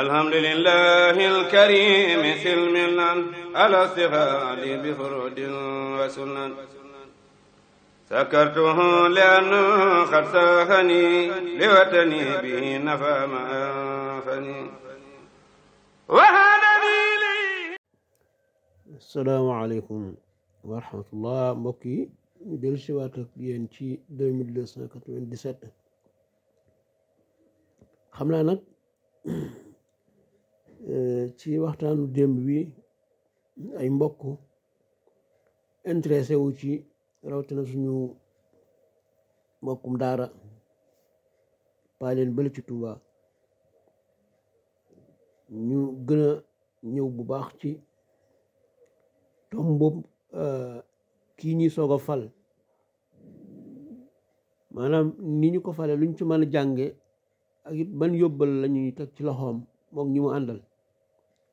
alhamdulillahi alkarimi silmilan alastifaad bifurud wa sunan sakartuhu lianna qad saahani liwatani bihi nafa ma anfani asalaamaaleykum wa rahmatullah mbokk yi ñu del siwaat ak yéen ci 2297 xam naa nag ci waxtaanu démb wi ay mbokk intéressé wu ci rawatina suñu mbokkum daara paaleen bële ci Touba ñu gën a ñëw bu baax ci tomb boobu euh, kii ñuy soog a fal maanaam ni ñu ko fale luñ ci mën a jànge ak it ban yóbbal la ñuy teg ci loxoom moom ñi mu àndal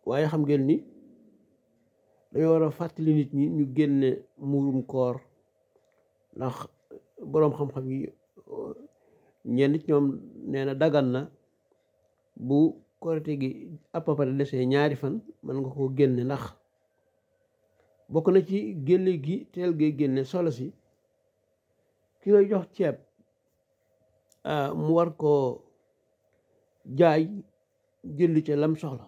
waaye xam ngeen ni dañoo war a fàttali nit ñi ñu génne muurum koor ndax boroom xam-xam yi ñenn nit ñoom nee na dagan na bu korite gi à peu près desee ñaari fan mën nga koo génne ndax bokk na ci génne gi teel gee génne solo si ki ngay jox ceeb ah, mu war koo jaay jënd ca lam soxla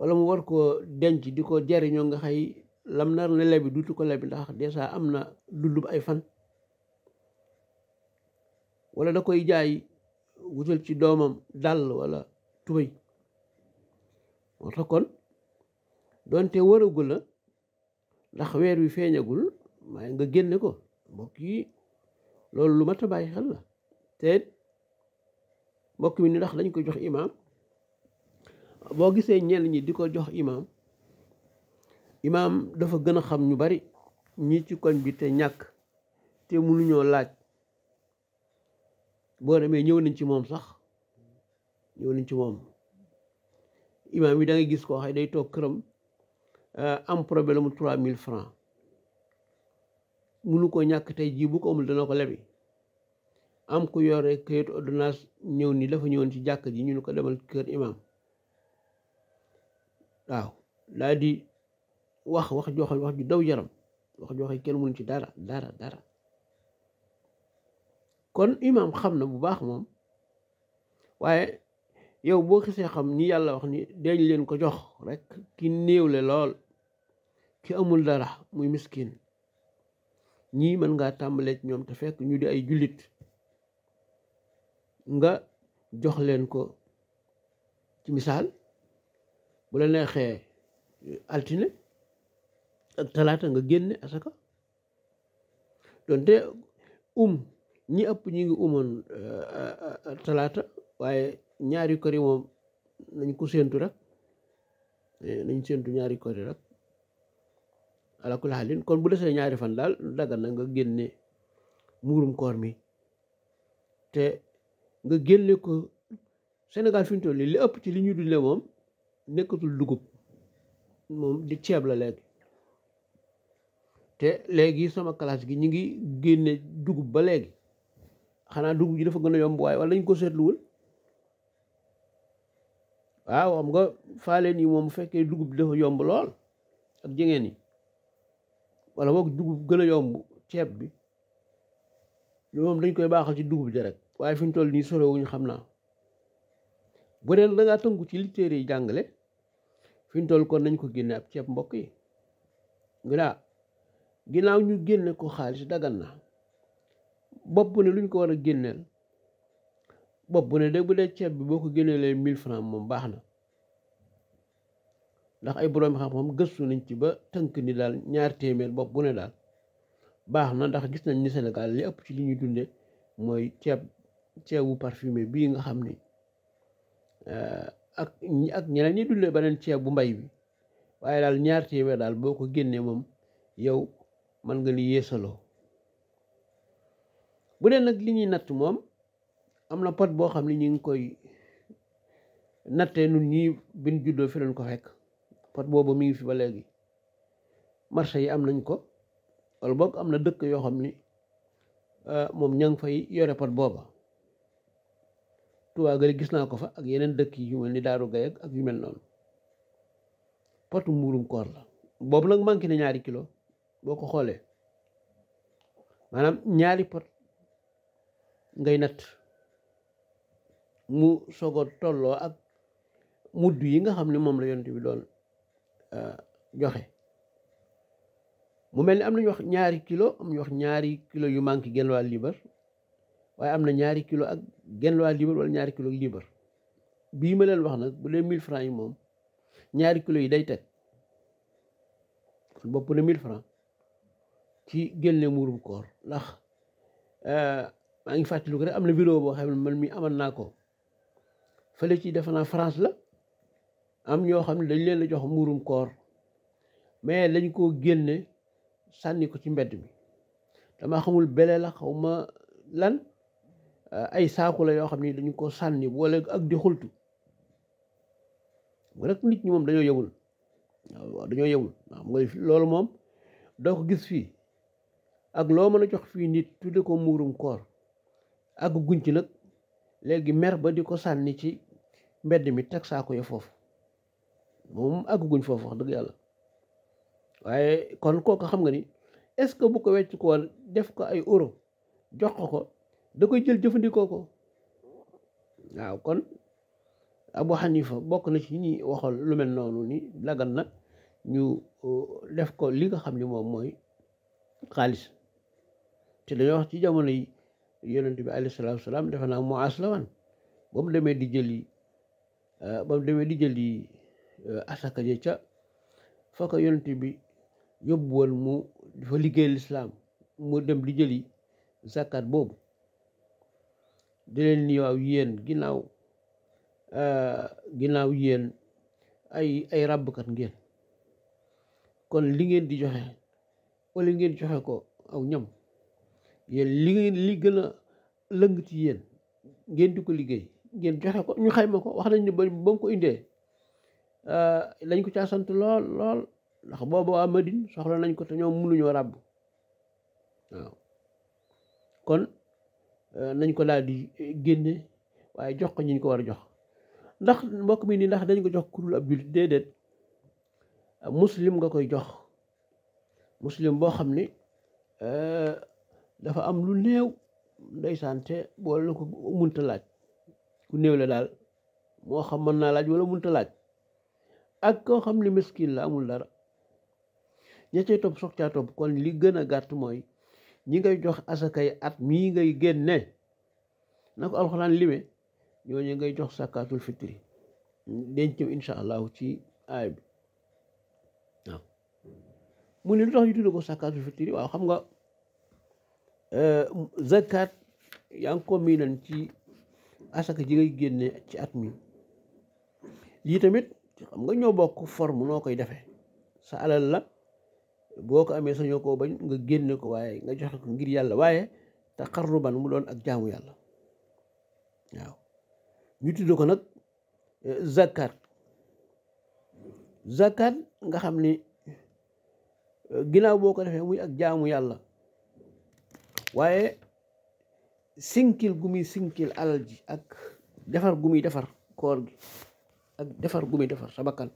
wala mu war koo denc di ko jariñoo nga xëy lam nar ne lebi duutu ko lebi ndax dèjà am na dundub ay fan wala da koy jaay wutal ci doomam dàll wala tubéy moo tax kon doonte waragu la ndax weer wi feeñagul maay nga génne ko mbokk yi loolu lu mat a bàyyi xel la te mbokk mi ni ndax dañ koy jox imaam boo gisee ñenn ñi di ko jox imaam imaam dafa gën a xam ñu bari ñi ci koñ bi te ñàkk te mënuñoo laaj boo demee ñëw nañ ci moom sax ñëw nañ ci moom imaam yi da gis koo xay day toog këram euh, am problème mu trois mille francs mënu ko ñàkk tey jii bu ko amul dana ko lebi am ku yore këyitu ordonnance ñëw nii dafa ñëwoon ci jàkk ji ñu nu ko demal kër imaam waaw daa di wax wax joxe wax ju daw yaram wax joxe kenn mënu ci dara dara dara kon imaam xam na bu baax moom waaye yow boo xisee xam ni yàlla wax ni deeñ leen ko jox rekk ki néewle lool ki amul dara muy miskin ñii mën ngaa tàmbaleek ñoom te fekk ñu di ay jullit nga jox leen ko ci missaal bu la neexee euh, altine talaata nga génne asaka donte um ñi ëpp ñi ngi umoon euh, talaata waaye ñaari kori moom nañ ko séentu rek eh, nañ séentu ñaari kori rek ala kulli kon bu desee ñaari fan daal dagan na nga génne murum koor mi te nga génne ko Sénégal fi ñu toll li ëpp ci li ñu dundee moom nekkatul dugub moom di ceeb la léegi te léegi sama classe gi ñu ngi génne dugub ba léegi xanaa dugub ji dafa gën a yomb waaye wala dañ ko seetluwul waaw xam nga faaleen yi moom bu fekkee dugub dafa yomb lool ak jigéen yi walla boog dugub gën a yomb ceeb bi moom dañ koy baaxal ci dugub ji rek waaye fi ñu toll nii sore xam naa bu dee da ngaa tënku ci li téere yi jàngale fi ñu toll kon nañ ko génne ab ceeb mbokk yi ginnaaw ginnaaw ñu génne ko xaalis dagan na bopp bu ne lu ñu ko war a génneel bopp bu ne dégg bu dee ceeb bi boo ko génneelee mille francs moom baax na ndax ay borom xam gëstu nañ ci ba tënk ni daal ñaar téeméer bopp bu ne daal baax na ndax gis nañ ni Sénégal li ëpp ci li ñuy dunde mooy ceeb ceebu parfumé bii nga xam ni euh, ak ak ñeneen ñi dundee beneen ceeb bu mbay bi waaye daal ñaar téeméer daal boo ko génnee moom yow mën nga li yéesaloo bu dee nag li ñuy natt moom am na pot boo xam ne ñu ngi koy nattee nun ñi bin juddoo fi leen ko fekk pot boobu mi ngi fi ba léegi marché yi am nañ ko wala boog am na dëkk yoo xam ni ah, moom ña ngi fay yore pot booba Touba Gële gis naa ko fa ak yeneen dëkk yu mel ni Daaru Gaye ak yu mel noonu pot mbuurum koor la boobu nag manqué na ñaari kilo boo ko xoolee maanaam ñaari pot ngay nat mu soog tolloo ak mudd yi nga xam ne moom la yont bi doon euh, joxe mu mel ni am nañu wax ñaari kilo am ñu wax ñaari kilo yu manqué genn wàll liibar waaye am na ñaari kilo ak genn waa liibar wala ñaari kilo liibar bii ma leen wax nag bu dee mille francs yi moom ñaari kilo yi day teg kon bopp na mille francs ci génne muurum koor ndax euh, maa ngi fàttaliku rek am na vidéo boo xam ne man mi amal naa ko fële ci defe naa France la am ñoo xam ne dañ leen la jox muurum koor mais lañ koo génne sànni ko ci mbedd mi dama xamul bele la xaw ma lan Euh, ay saaku la yoo xam ni dañu ko sànni boole ak di xultu bu nag nit ñi moom dañoo yewul waaw dañoo yewul waaw mooy loolu moom doo ko gis fii ak loo mën a jox fii nit tudde ko muurum koor ak ci nag léegi mer ba di ko sànni ci mbedd mi teg saako ya foofu moom ak guñ foofu wax dëgg yàlla waaye kon kooku xam nga ni est-ce que bu ko wecc ko def ko ay euro jox ko ko da koy jël jëfandikoo ko waaw kon Abu Hanifa bokk na ci ñi waxal lu mel noonu ni dagan nag ñu uh, def ko li nga xam ni moom mooy xaalis te dañoo wax ci jamono yi yonent bi alayhi salaatu salaam defe naa mu aas ba mu demee di jëli uh, ba mu demee di yi uh, asaka ja ca fa yonent bi yóbbu woon mu dafa liggéey lislaam mu dem di jël jëli zakat boobu di leen yéen ginnaaw euh, ginnaaw yéen ay ay ràbbkat ngeen kon li ngeen di joxe wala ngeen joxe ko aw ñam yéen li ngeen li gën a lëng yéen ngeen di ko liggéey ngeen joxe ko ñu xayma ko wax nañ ne ba ba mu ko euh, lañ ko caa sant lool lool ndax booba waa Madine soxla nañ ko te ñoom mënuñoo ràbb kon Euh, nañ ko daal di euh, génne waaye jox ko ñi ñu ko war a jox ndax mbokk mi nii ndax dañ ko jox kurul ab jullit déedéet muslim nga koy jox muslim boo xam ni euh, dafa am lu néew ndeysaan te boole la ko munta laaj ku néew la daal moo xam mën naa laaj wala munta laaj ak koo xam ni miskin la amul dara ña cay topp soog kon li gën a gàtt mooy ñi ngay jox asakay at mii ngay génne na ko alxuraan lime ñooñu ngay jox sakaatul fitri denc incha allahu ci aay bi waaw mu ne lu tax ñu tudd ko sàkkaatul fitri waaw xam nga eh, zakat yaa ngi ko miinan ci asaka ji ngay génne ci at mi lii tamit xam nga ñoo bokk forme noo koy defee sa alal la boo ko amee sañoo koo bañ nga génne ko waaye nga joxe ko ngir yàlla waaye te xarruban mu doon ak jaamu yàlla waaw ñu tudd ko nag eh, zakat zakat nga xam ni eh, ginnaaw boo ko defee muy ak jaamu yàlla waaye sinkil gu muy sinkil alal ji ak defar gu muy defar koor ak defar gu muy defar sa bakkan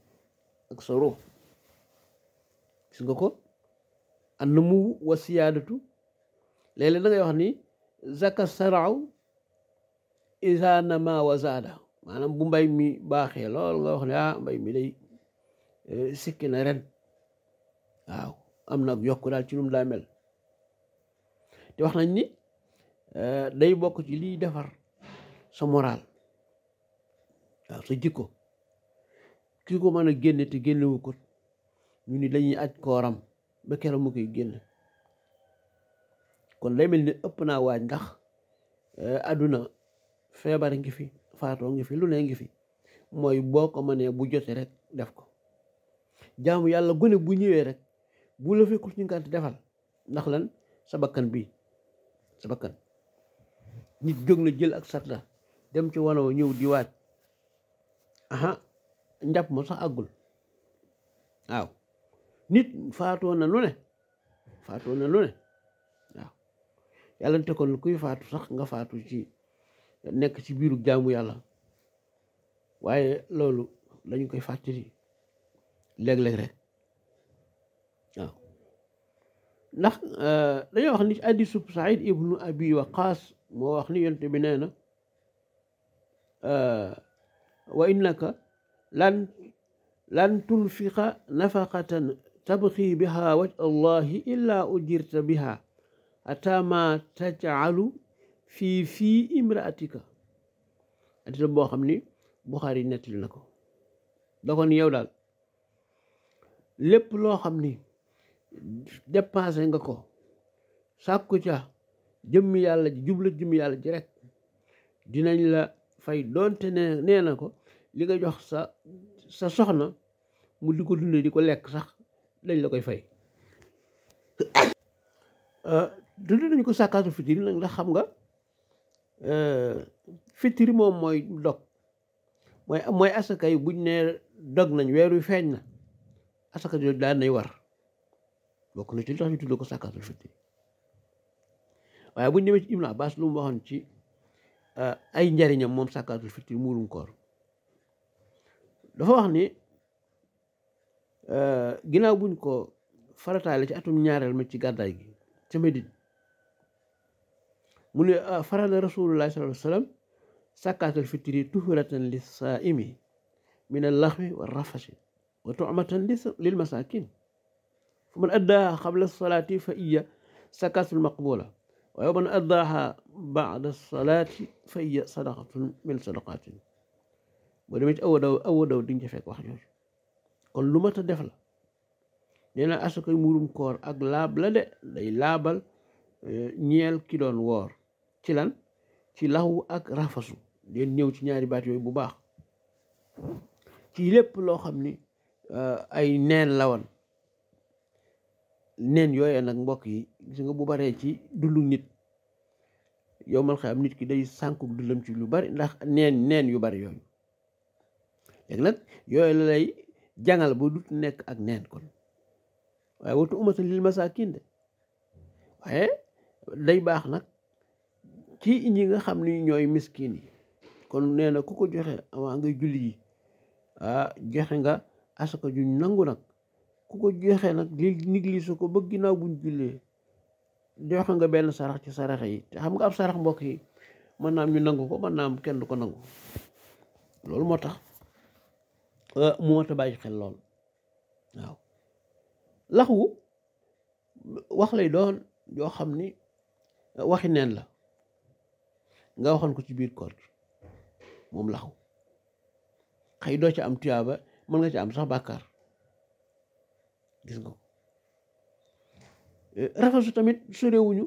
ak sa roo ko am numu wa siyaadatu léeg-léeg ngay wax ni zaka saraaw isa nama wa bu mbay mi baaxee lool ah, mbay mi day eh, sikki na ren waaw am na yokk daal ci num daa mel te wax nañ ni eh, day bokk ci liy defar sa moral waaw sa jikko kii ko mën a génne te génnewu ko ñu ni dañuy aj kooram ba keroog mu koy génn kon lay mel ni ëpp naa waaj ndax eh, àdduna feebar ngi fi faatoo ngi fi lu ne ngi fi mooy boo ko mënee bu jotee rek def ko jaamu yàlla gone bu ñëwee rek bu la fekkul ci ngànt defal ndax lan sa bakkan bii sa bakkan nit jóg na jël ak satla dem ci wanoo ñëw di waaj aha njàpp ma sax àggul waaw nit faatoo na lu ne faatoo na lu ne waaw yàlla te kon kuy faatu sax nga faatu ci nekk ci biiru jaamu yàlla waaye loolu dañu koy fàttali léeg-léeg ndax euh, dañoo wax ni ci hadiisu ibnu Abi Waqaas moo wax ni yonent bi nee na euh, wa lan lan tunfiqa تبغي بها وجه الله إلا أجرت بها أتى ما تجعل في في امرأتك hadis la boo xam ni Buxaari nettali na ko da ko ni yow daal lépp loo xam ni dépensé nga ko sàkku ca jëmmi yàlla ji jubla jëmmi yàlla ji rek dinañ la fay doonte ne nee na ko li nga jox sa sa soxna mu di ko dunde di ko lekk sax lañ la koy fay euh, dund nañu ko sàkkaasu fitiri nag dax xam nga euh, fitiri moom mooy dog mooy mooy asaka yi buñ ne dog nañ weer wi feeñ na asaka yooyu daan nay war bokk na ci li tax ñu ko sàkkaasu fitiri waaye buñ demee ci Ibn Abbas lu mu waxoon ci euh, ay njariñam moom sàkkaatul fitiri muurum koor dafa wax ni Eh, ginnaaw buñ ko farataale ci atum ñaareel ma ci gàddaay gi ca Medine mu ne ah, farala rasulullah sallallahu alayhi wa sallam sàkkaatal fitri tuhuratan li saaimi min al laxwi wa rafasi wa tu'matan lil masakin fa man addaaha qabla salaati fa iya sakaatul maqbula waaye man addaaha baada salaati fa iya sadaqatun min sadaqatin boo demee ci awa daw awa daw diñ ca fekk wax jooju kon lu mat a def la nee na asakay murum koor ak laab la de day laabal eh, ñeel ki doon woor ci lan ci laxu ak rafasu leen ñëw ci ñaari baat yooyu bu baax ci lépp loo xam ni eh, ay neen la woon neen yooyee nag mbokk yi gis nga bu baree ci dundu nit yow mal xam nit ki day sànku dundam ci lu bari ndax neen neen yu bari yooyu léegi nag yooyu la lay jangal ba dut nekk ak neen kon waaye watu umatan lil masakin de waaye day baax nag ci ñi nga xam ni ñooy miskin yi kon nee na ku ko joxe avant julli yi ah nga asaka juñ nangu nag ku ko joxe nag li néglige ko ba ginnaaw buñ jullee joxe nga benn sarax ci saraxe yi te xam nga am sarax mbokk yi mën naa am ñu nangu ko mën naa am kenn du ko nangu loolu moo tax Euh, mu war a bàyyi xel lool waaw laxu wax lay doon joo xam ni euh, waxi neen la nga waxoon ko ci biir koor gi moom laxu xëy doo ci am tuyaaba mën nga ci am sax bàkkaar gis nga ko euh, rafasu tamit sorewuñu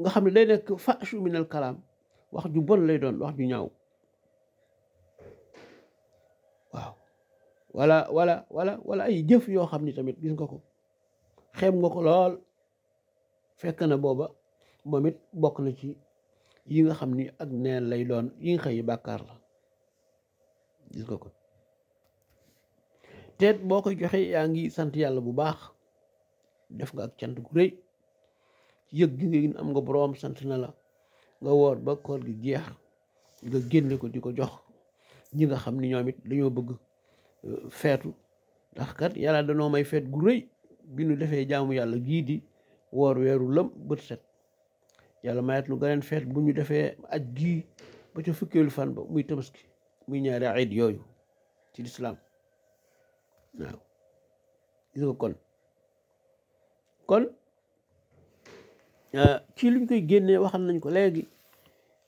nga xam ne day nekk fashu minal kalaam wax ju bon lay doon wax ju ñaaw wala walla wala wala ay jëf yoo xam ni tamit gis nga ko xeeb nga ko lool fekk na booba moom bokk na ci yi nga xam ni ak neen lay doon yi nga xëy bàkkaar la gis nga ko teet boo koy joxe yaa ngi sant yàlla bu baax def nga ak cant gu rëy yëg gi am nga boroom sant na la nga woor ba koor gi jeex nga génne ko di ko jox ñi nga xam ni ñoom dañoo bëgg feetu ndax kat yàlla danoo may feet gu rëy bi nu defee jaamu yàlla gii di woor weeru lëm bët set yàlla mayat nu ganeen feet bu ñu defee aj gii ba ca fukkeelu fan ba muy tabaski muy ñaari iid yooyu ci lislaam waaw gis nga kon kon ah, ci liñ koy génnee waxal nañ ko léegi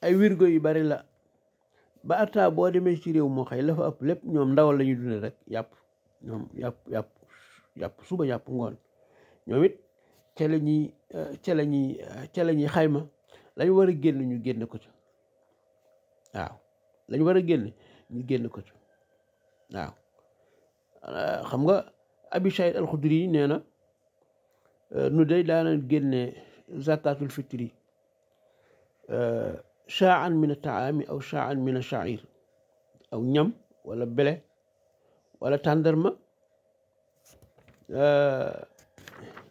ay wirgo yu bari la ba atta boo demee ci réew moo xëy la fa ëpp lépp ñoom ndawal la ñuy dundee rek yàpp ñoom yàpp yàpp suba yàpp ngoon ñoom it ca la ñuy ca la ñuy ca la ñuy xayma lañ war a génn ñu génn ko ci waaw lañ war a génn ñu génn ko ci waaw xam nga abi Saïd al nee na euh, nu day daana génne zakatul fitri euh, an min taami aw chaan min shair aw ñam walla bele walla tàndarma euh,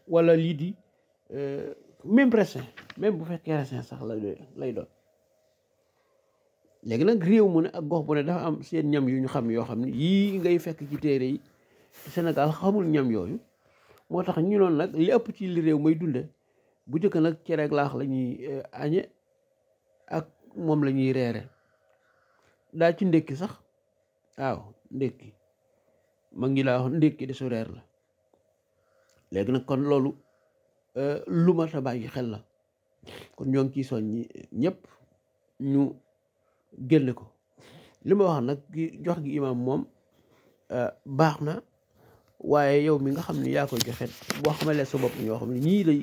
wala lii di euh, même raisin bu fekkee raisin sax la lay doon léegi nag réew mu ne ak gox bu ne dafa am seen ñam yu ñu xam yoo xam ne yii ngay fekk ci téere yi Sénégal xamul ñam yooyu moo tax ñu noonu nag li ëpp ci réew may dunde bu njëkk nag cereeg laax la ñuy euh, añe ak moom la ñuy reere daa ci ndékki sax aw ndékki ma ngi laa wax ndékki de su reer la léegi nag kon loolu euh, lu mat a bàyyi xel la kon ñoo ngi soon soññi ñëpp ñu génne ko li ma wax nag jox gi imaam moom euh, baax na waaye yow mi nga xam ne yaa koy joxe boo xamalee sa bopp ñoo xam ne ñii lay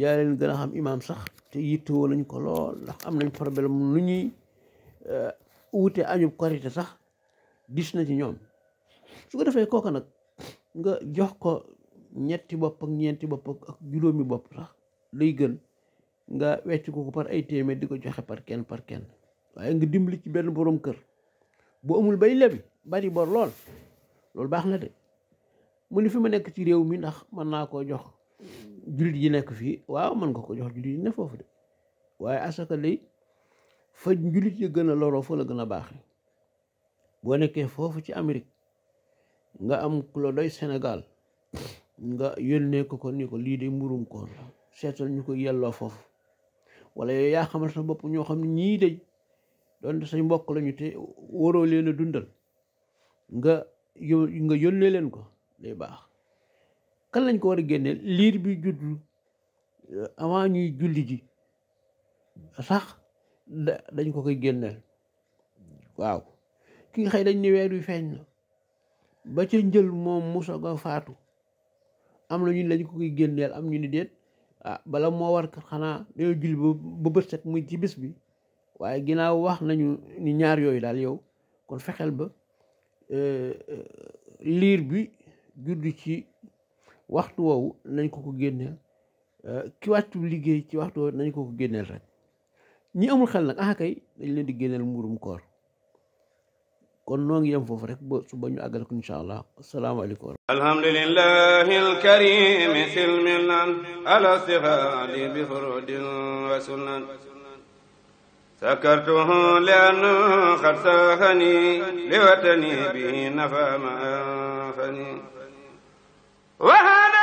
yaa leen gën a xam imaam sax te yittewoo nañ ko lool ndax am nañ problème lu ñuy euh, wute añub korité sax dis na ci ñoom su ko defee kooka nag nga jox ko ñetti bopp ak ñeenti bopp ak juróomi bopp sax lay gën nga wecc ko ko par ay téeméer di ko joxe par kenn par kenn waaye nga dimbali ci benn borom kër bu amul bay lebi bari bor lool loolu baax na de mu ni fi ma nekk ci réew mi ndax mën naa koo jox jullit yi nekk fii waaw mën nga ko jox jullit yi ne foofu de waaye asaka lay fa jullit yi gën a loroo fa la gën a baax boo nekkee foofu ci Amérique nga am ku la senegal Sénégal nga yónnee ko ko ni ko lii de mburum koor la seetal ñu ko yelloo foofu walla yooyu yaa xamal sa bopp ñoo xam ne ñii de doon say mbokk lañu te waroo leen a dundal nga nga yónnee leen ko day baax kan lañ ko war a génneel liir bi juddu euh, avant ñuy julli ji sax dañ ko koy génneel waaw ki nga xëy dañ ni weer wi feeñ na ba ca njël moom mu soog a faatu am na ñu ne dañ ko koy génneel am ñu ni déet ah, bala moo war xanaa dañoo julli ba bët set muy ci bis bi waaye ginnaaw wax nañu ni ñaar yooyu daal yow kon fexeel ba euh, euh, liir bi judd ci waxtu woowu nañ ko ko génneel euh, ki liggéey ci waxtu woowu nañ ko ko génneel rek ñi amul xel nag ah kay dañ leen di génneel mburum koor kon noo ngi yem foofu rek ba su ba ñu àggal ko incha allah asalaamaaleykum silmilan ala sihadi bi furudin wa sakartuhu li qad sahani li watani bihi nafa ma wa